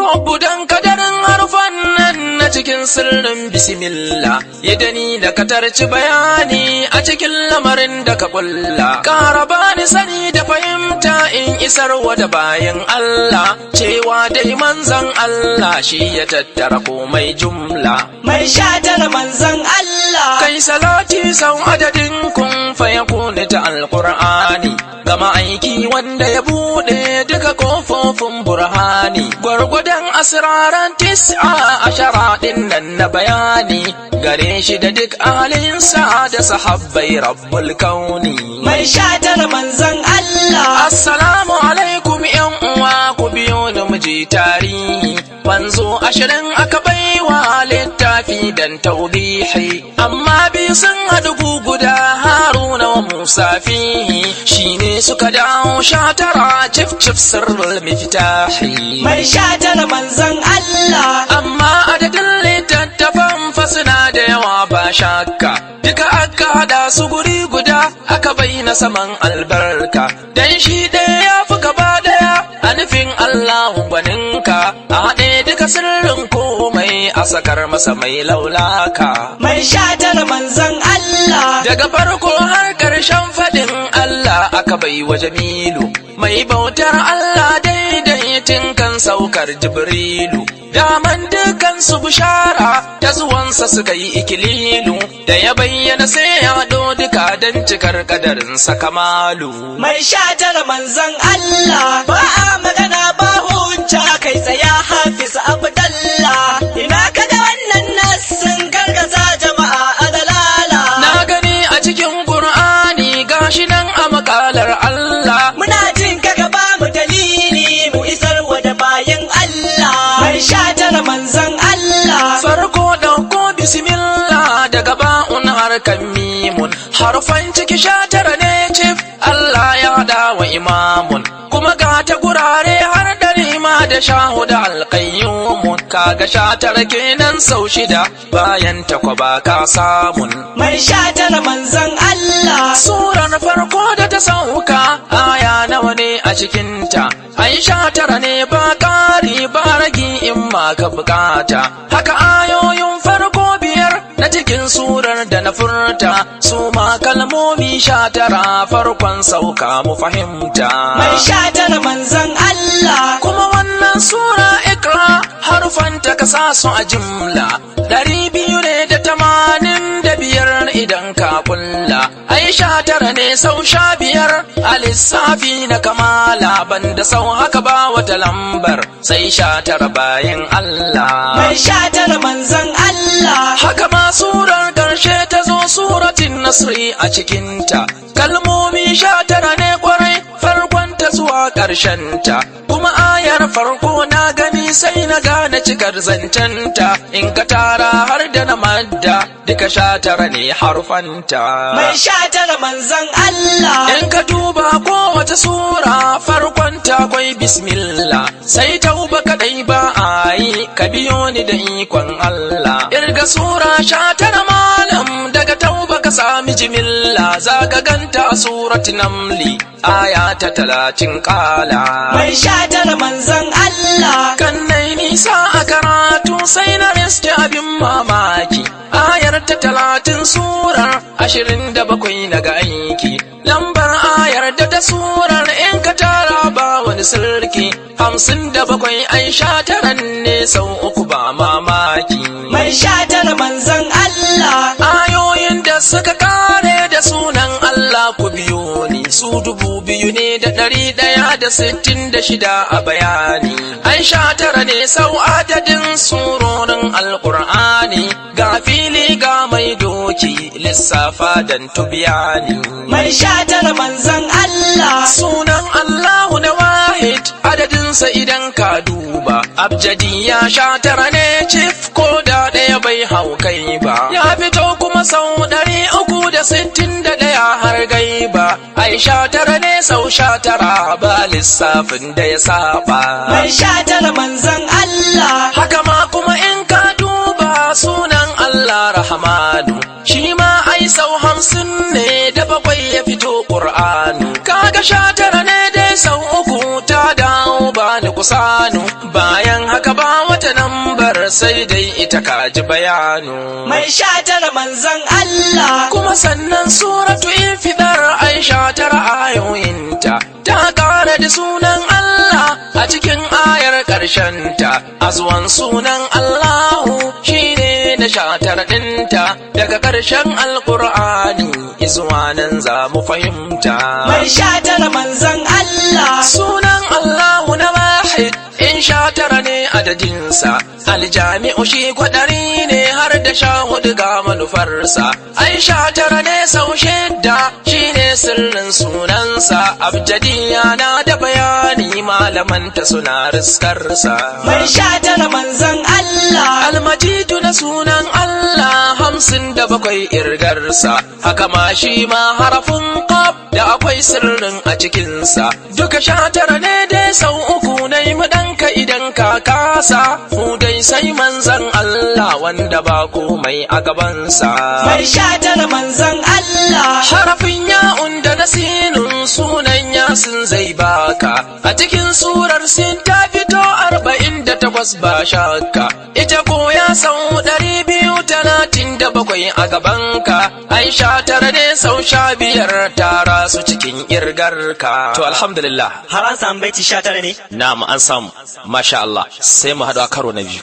Rabbu kadarin harfan nan na cikin sirrin bismillah ya dani da katarci bayani a cikin lamarin da ka kulla ƙara bani sani da fahimta in isarwa da bayan Allah cewa dai manzan Allah shi ya tattara komai jumla mai shatar manzan Allah kai salati sau adadin kun fa ya ta alqur'ani gama aiki wanda ya buɗe. kofofin burhani gwargwadon asirarar tis'a ashara sharaɗin nan na bayani gare shi da duk alinsa da sahabbai rabbul kauni mai shatar manzon Allah assalamu alaikum yan uwa ku biyo da muji tarihi manzo ashirin aka baiwa littafi dan taubihi amma bi sun haɗu guda Safi shi shine suka dawo shatara cif cif sirrul miftahi mai shatar manzan Allah amma adadin littattafan fasina da yawa ba shakka duka aka haɗa su guri guda aka bayyana saman albarka dan shi ɗaya ya fi gaba ɗaya a nufin Allah gwaninka a haɗe duka sirrin komai a sakar masa mai laulaka mai shatar manzan Allah daga farko karshen faɗin Allah aka bai wa Jamilu, mai bautar Allah daidaitin kan saukar Jibrilu. Daman su bishara ta zuwansa suka yi ikililu, da ya bayyana sai ya duka don cikar ƙadarinsa kamalu. Mai shatar manzan Allah ba a magana ba hujja kai tsaya hafiz abu harkan mimun harfan ciki shatara ne cif Allah ya haɗa wa imamun kuma ga ta gurare har da ma da shahu shahuda alƙayyumun kaga shatar tara kenan sau shida bayan takwa ba ka samun mai shatar manzan Allah surar farko da ta sauka aya nawa ne a cikinta ai shatar ne ba ƙari ba ragi in ma ka bukata na furta su ma kalmomi sha tara farkon sauka mu fahimta mai sha tara manzan Allah kuma wannan sura ikra harufanta ka sa su a jimla ɗari biyu ne da tamanin da biyar idan ka kulla ai sha tara ne sau sha biyar a lissafi na kamala ban da sau haka ba wata lambar sai sha tara bayan Allah mai sha tara manzan Allah haka ma surar ƙarshe ta zo suratin nasri a cikinta kalmomi sha tara ne kwarai farkonta zuwa ta kuma ayar farko na gani sai na gane cikar zancenta in ka tara har da na madda duka sha tara ne harfanta mai sha tara manzan Allah in ka duba kowace sura farkonta kwai bismillah sai tauba kadai ba a yi ka biyo ni da ikon Allah irga sura sha tara mal ka sami jimilla za ka ganta surat namli aya ta talatin kala. Mai sha tara manzan Allah. Kan nai nisa a karatu sai na resta abin mamaki. Ayar ta talatin sura ashirin da bakwai na aiki. Lambar ayar da ta surar in ka tara ba wani sirki. Hamsin da bakwai an sha ne sau uku ba mamaki. ku biyo ni su dubu biyu ne da ɗari ɗaya da sittin da shida a bayani an sha tara ne sau adadin surorin alƙur'ani ga fili ga mai doki lissafa dan tubiyani mai sha tara manzan Allah sunan Allahu na wahid adadinsa idan ka duba abjadi ya sha tara ne cif ko da ɗaya bai hau kai ba ya fito kuma sau ɗari uku da sittin da har gaiba ai shatar ne sau shatara ba lissafin da ya saba mai shatar manzan manzon Allah haka ma kuma in ka duba sunan Allah Rahmanu shi ma ai sau hamsin ne da bakwai ya fito Qur'anu kaga shatar ne dai sau uku ta dawo ba ni kusanu ba sai dai ita ka ji bayanu mai sha tara manzan Allah kuma sannan suratu infidar ai sha tara ayoyinta ta kara da sunan Allah a cikin ayar ta azuwan sunan Allahu shine na sha tara ɗinta daga ƙarshen alƙur'ani izuwa nan za mu fahimta mai sha tara manzan Allah sunan Allahu sha tara ne adadinsa aljami'u shi kwadari ne har da sha hudu ga manufarsa ai sha tara ne sau shidda shine sirrin sunansa abjadiya na da bayan Manta suna riskar sa mai sha tara Allah almajidu na sunan Allah hamsin da bakwai sa. haka ma shi ma harafin qaf da akwai sirrin a cikin sa. duka sha tara ne dai sau uku na yi ka idan ka kasa mu dai sai manzan Allah wanda ba komai a gabansa mai sha tara manzan Allah harafin ya'un da na sunan yasin zai baka a cikin surar sin ta fito arba'in da takwas ba shakka, ita ko ya sau ɗari biyu talatin da bakwai a gabanka, ai sha tara ne sau sha biyar tara su cikin irgarka. To alhamdulillah. Har an samu baiti sha tara ne? Na'am an samu, masha Allah, sai mu haɗu a karo na biyu.